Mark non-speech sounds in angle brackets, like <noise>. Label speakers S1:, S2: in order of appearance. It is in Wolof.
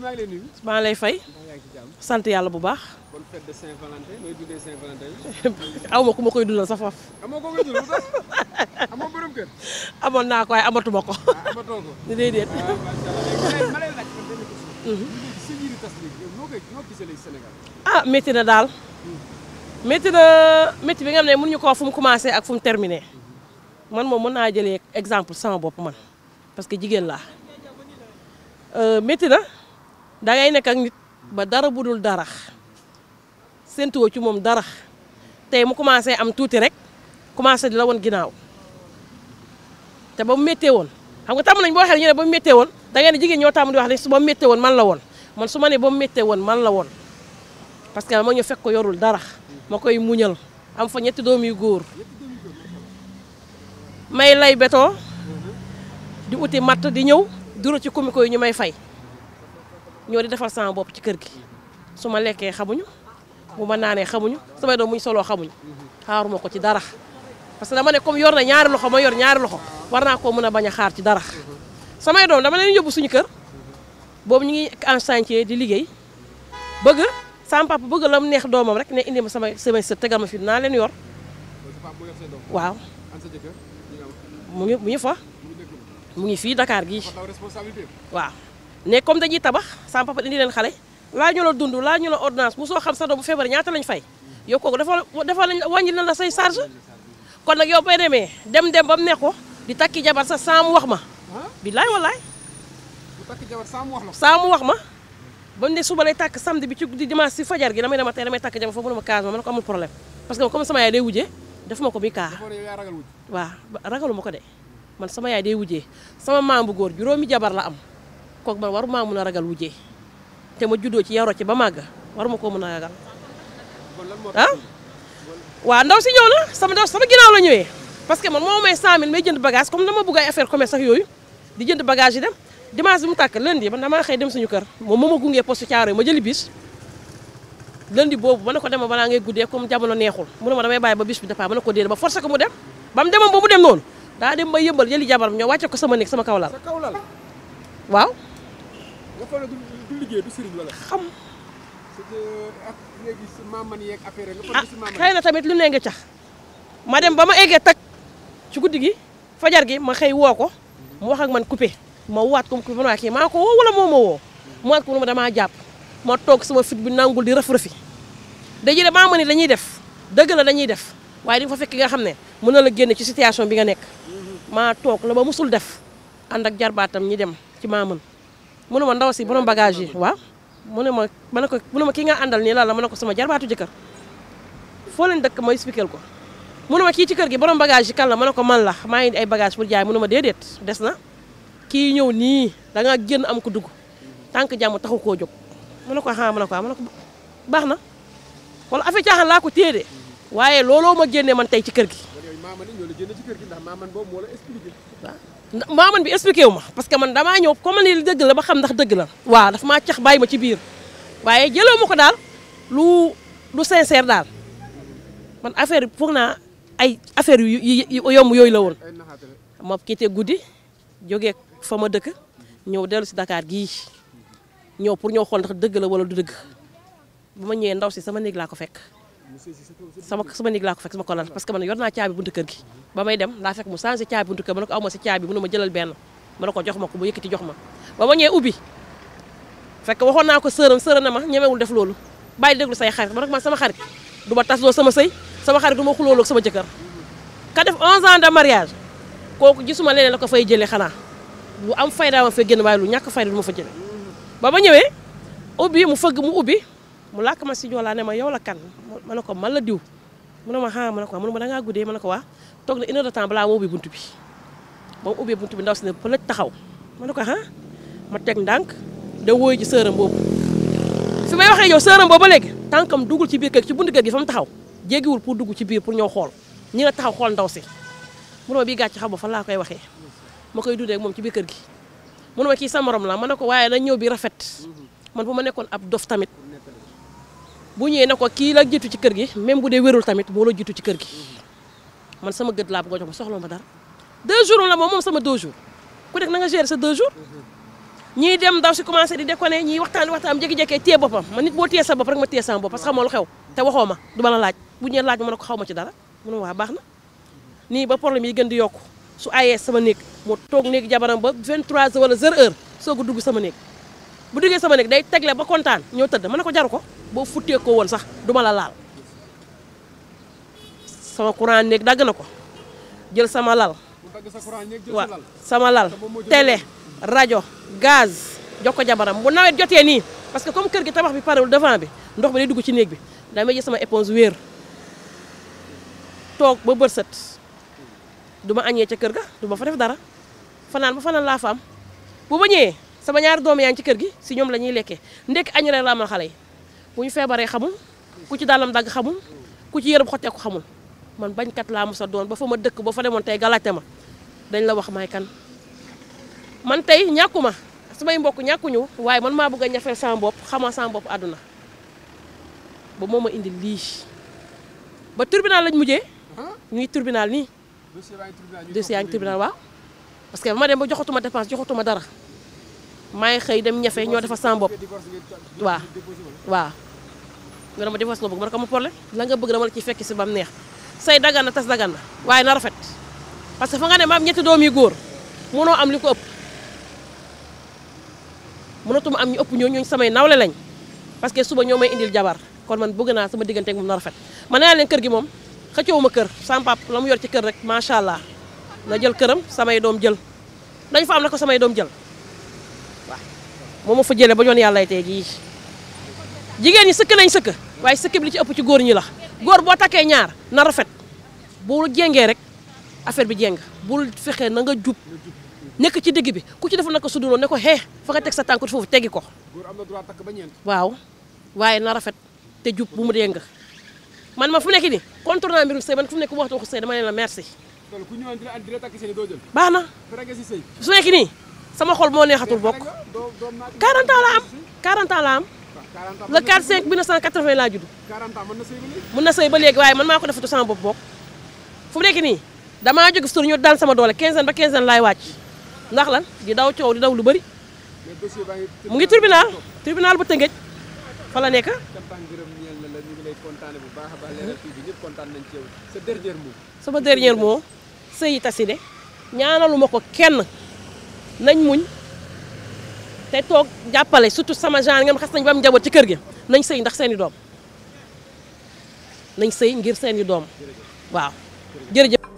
S1: Ngoye maa ngi lay nuyu. lay fay. sant yàlla bu baax. bonne fête <laughs> aw ma ku ma koy dundal sa <laughs> amoon naa ko waaye amatuma ko. ah amatoo ko. <laughs> Ah, mhm. ah, métti na daal. Hmm. métti na métti bi nga xam ne mënuñu ko wax fu mu commencé ak fu mu terminé hmm. man moom mën naa jëlee exemple sama bopp man parce que jigéen la euh, métti da ngay nekk ak nit ba dara bu dul dara séntuwoo ci moom dara tey mu commencé am tuuti rek commencé di la woon ginnaaw te ba mu méttee woon xam nga tàmm nañ boo waxee ñu ne ba mu méttee woon da ngay ne jigéen ñoo tàmm di wax ne su ba mu méttee woon man la woon man su ma ne ba mu méttee woon man la woon parce que ma ñu fekk ko yorul dara ma koy muñal am fa ñetti doom yu góor may lay béton di uti matt di ñëw duro ci kumiko yi ñu may fay ñoo di defal sama bopp ci kër gi su ma lekkee xamuñu bu ma naanee xamuñu samay doom muñ soloo xamuñu xaaruma ko ci dara parce que dama ne comme yor na ñaari loxo ma yor ñaari loxo war naa koo mën a bañ xaar ci dara samay doom dama leen yóbbu suñu kër boobu ñu ngi en di liggéey bëgg sama bëgg la mu neex doomam rek ne indi ma samay samay sët ma fi naa leen yor waaw mu ngi mu ngi fa mu ngi fii Dakar gii waaw ne comme dañuy tabax sama papa indi leen xale laa ñu la dund laa ñu la ordonnance mu soo xam sa doom bu feebar ñaata lañ fay yow kooku dafa dafa lañ wàññi na la say charge kon nag yow bay demee dem dem ba mu neex ko di takki jabar sa saamu wax ma billaay wallaay saamu wax ma ba mu ne suba lay tàkk samedi bi ci guddi dimanche si gi damay dema tey damay tàkk jabar foofu mu ne ma kaas ma man ko amul problème parce que comme sama yaay day wujjee def ma ko muy kaa waaw ragalu ma ko de man sama yaay day wujjee sama maam bu góor juróomi jabar la am kooku war waruma mën a ragal wujjee te ma juddoo ci yaroo ci ba war ma koo mën a ragal ah waaw ndaw si ñëw na sama ndaw sama ginnaaw la ñëwee parce que man moo may 100000 may jënd bagage comme dama bëgg ay affaire commerce ak yooyu di jënd bagage yi dem dimanche bi mu tàkk lundi man dem suñu kër moom ma ma gungee poste Thiaroye ma jëli bis lundi boobu ma ne ko dema balaa ngay guddee comme jamono neexul mu ne ma damay bàyyi ba bis bi départ ma ne ko déedéet ba forcé ko mu dem ba mu demoon ba mu dem noonu daa dem ba yëmbal jëli jabaram ñoo wàcce ko sama néeg sama kaw waaw nga foog ne du xam. ak léegi ah, na tamit lu ne nga cax ma dem ba ma eggee tag ci guddi gi fajar gi ma xëy woo ko mu wax man coupé ma waat ko mu ma kii ko woo wala moo ma woo mu waat ko mu damaa jàpp ma toog sama fit bi nangul di rëf-rëfi dañuy def maama ni dañuy def dëgg la dañuy def waaye di nga fa fekk nga xam ne mën na la génn ci situation bi nga nekk mm-hmm. maa toog la ba musul def ànd ak jarbaatam ñi dem ci maaman mu ne ndaw si borom bagage yi waaw mu ne ma ma ne ko mu ne ma ki nga àndal nii la la ma ne ko sama jarbaatu jëkkër foo leen dëkk ma expliqué ko mu ne kii ci kër gi borom bagage yi kan la ma ne ko man la maa ngi ay bagage pour jaay mu ne ma déedéet des na kii ñëw nii da nga génn am ko dugg tànk jàmm taxu koo jóg mu ne ko ah ma ne ko ah ma ko baax na wala affaire caaxaan laa ko téye de waaye looloo ma génnee man tey ci kër gi. waaw maaman bi expliqué wu ma parce que man damaa ñëw comme ni dëgg la ba xam ndax dëgg la waaw daf maa cax bàyyi ma ci biir waaye jëloo ma ko daal lu lu sincère daal man affaire bi foog naa ay affaire yu yomb yooyu la woon ma quitté guddi jógee fa ma dëkk ñëw dellu si dakaar gii ñëw pour ñëw xool ndax dëgg la wala du dëgg ba ma ñëwee ndaw si sama néeg laa ko fekk sama sama néeg laa ko fekk sama kolal parce que man yor naa caabi buntu kër gi ba may dem laa fekk mu changé caabi buntu kër ma ne ko aw ma sa caabi mu ne ma jëlal benn ma ne ko jox ma ko bu yëkkati jox ma ba ma ñëwee ubbi fekk waxoon naa ko sëram sëram na ma ñemewul def loolu bàyyi déglu say xarit ma ne ko man sama xarit du ma tasloo sama sëy sama xarit du ma xulooloo sama jëkkër ka def 11 ans mariage kooku gisuma leneen la ko fay jëlee xanaa lu am fayda ma fay génn waaye lu ñàkk fayda du ma fa jëlee ba ma ñëwee ubbi mu fëgg mu ubbi mu làkk ma si joolaa ne ma yow la kan ma ne ko man la diw mun na ma ah ma ne ko ma na ma dangaa guddee ma ne ko waa toog na une heure de temps balaa moo ubbi buntu bi ba mu bunt bi ndaw si ne pëlëj taxaw ma ne ko ah ma teg ndànk da wóoy ji sëram boobu fi may waxee yow sëram boobu ba léegi tànkam dugul ci biir kër ci buntu gi fa taxaw jéggiwul pour dugg ci biir pour ñëw xool taxaw xool ndaw si munoo bii gàcc xam ba fan laa koy waxee ma koy dundee moom ci biir kër gi mun ma kii sa moroom la ma ne ko waaye na ñëw bi rafet man bu ma nekkoon ab dof tamit bu ñëwee na ko kii la jiitu ci kër gi même bu dee wérul tamit moo la jiitu ci kër gi man sama gët laa bëgg a jox ma soxla ma dara deux jours moom moom sama deux jours ku nekk na nga gérer sa deux jours ñiy dem ndaw si commencé di déconné ñiy waxtaan waxtaan jékki-jékkee téye boppam man nit boo téye sa bopp rek ma téye sama bopp parce que xamoo lu te waxoo ma du ma la laaj bu ñee laaj ma ne ko xaw ma ci dara mu ne waa baax na nii ba problème yi gën di yokku su ayee sama néeg mu toog néeg jabaram ba 23 wala 0 heure soog a dugg sama néeg bu duggee sama néeg day tegle ba kontaan ñëw tëdd ma ne ko jaru ko boo futtee ko woon sax du laal sama courant néeg dagg na ko jël sama lal waa sama lal télé rajo gaz jox ko jabaram bu nawet jotee nii parce que comme kër gi tabax bi parewul devant bi ndox bi day dugg ci néeg bi damay jël sama éponge wéer toog ba bët duma añee ca kër ga du ma fa def dara fanaan ba fanaan laa fa am bu ma ñëwee sama ñaari doom yaa ngi ci kër gi si ñoom la ñuy lekkee ndekki añ rek xale yi bu ñu feebaree xamul ku ci daalam dagg xamul ku ci yërëb xotteeku xamul man bañkat laa mos a doon ba fa ma dëkk ba fa demoon tey galaate ma dañ la wax may kan man tey ñàkkuma samay mbokk ñàkkuñu waaye man maa bëgg a ñafeel sama bopp xama sama bopp àdduna ba moo ma indi lii ba tribunal lañ mujjee ñu ngi nii dossier yaa ngi tribunal parce que ma dem ba joxatuma dépense joxatuma dara maa xëy dem ñafe ñoo defar sama bopp waaw waaw nga dama divorce nga bëgg ma ne ko ma problème la nga bëgg dama la ci fekk si bam neex say dagan tas dagan na waaye na rafet parce que fa nga ne maam ñetti doom yu góor mënoo am li ko ëpp mënatuma am ñu ëpp ñoo ñooñu samay nawle lañ parce que suba ñoo may indil jabar kon man bëgg naa sama digganteeg moom na rafet ma ne leen kër gi moom xëccoowu ma kër sama pap la mu yor ci kër rek macha allah na jël këram samay doom jël dañ fa am na ko samay doom jël waaw moo ma fa jëlee ba ñoon yàlla tey jii jigéen ñi sëkk nañ sëkk waaye sëkk bi li ci ëpp ci góor ñi la góor boo takkee ñaar na rafet bu jengee rek affaire bi jéng bu fexee na nga jub nekk ci digg bi ku ci def na ko suduroo ne ko xee fa nga teg sa tànkut foofu tegi ko waaw waaye na rafet te jub bu mu déng man ma fu nekk nii contourné naa mbirum sëy man fu mu nekk bu waxtu waxu sëy dama leen la merci baax na su nekk nii sama xol moo neexatul bokk 40 ans la am 40 la am le 4 5 1980 laa judd. 40 ans mën na sëy ba léegi. na sëy ba léegi waaye man maa ko defatu sama bopp bokk fu mu nekk nii damaa jóge suur ñu daan sama doole 15 ans ba 15 ans laay wàcc ndax lan di daw coow di daw lu bëri mu ngi tribunal tribunal ba Tëngéej fa la nekk. sama dernier moo sëy yi tasi de ñaanalu ma ko kenn nañ muñ. te toog jàppale surtout sama genre nga xas nañ ba am njaboot ci kër gi nañ sëy ndax seeni doom nañ sëy ngir seeni doom waaw jërëjëf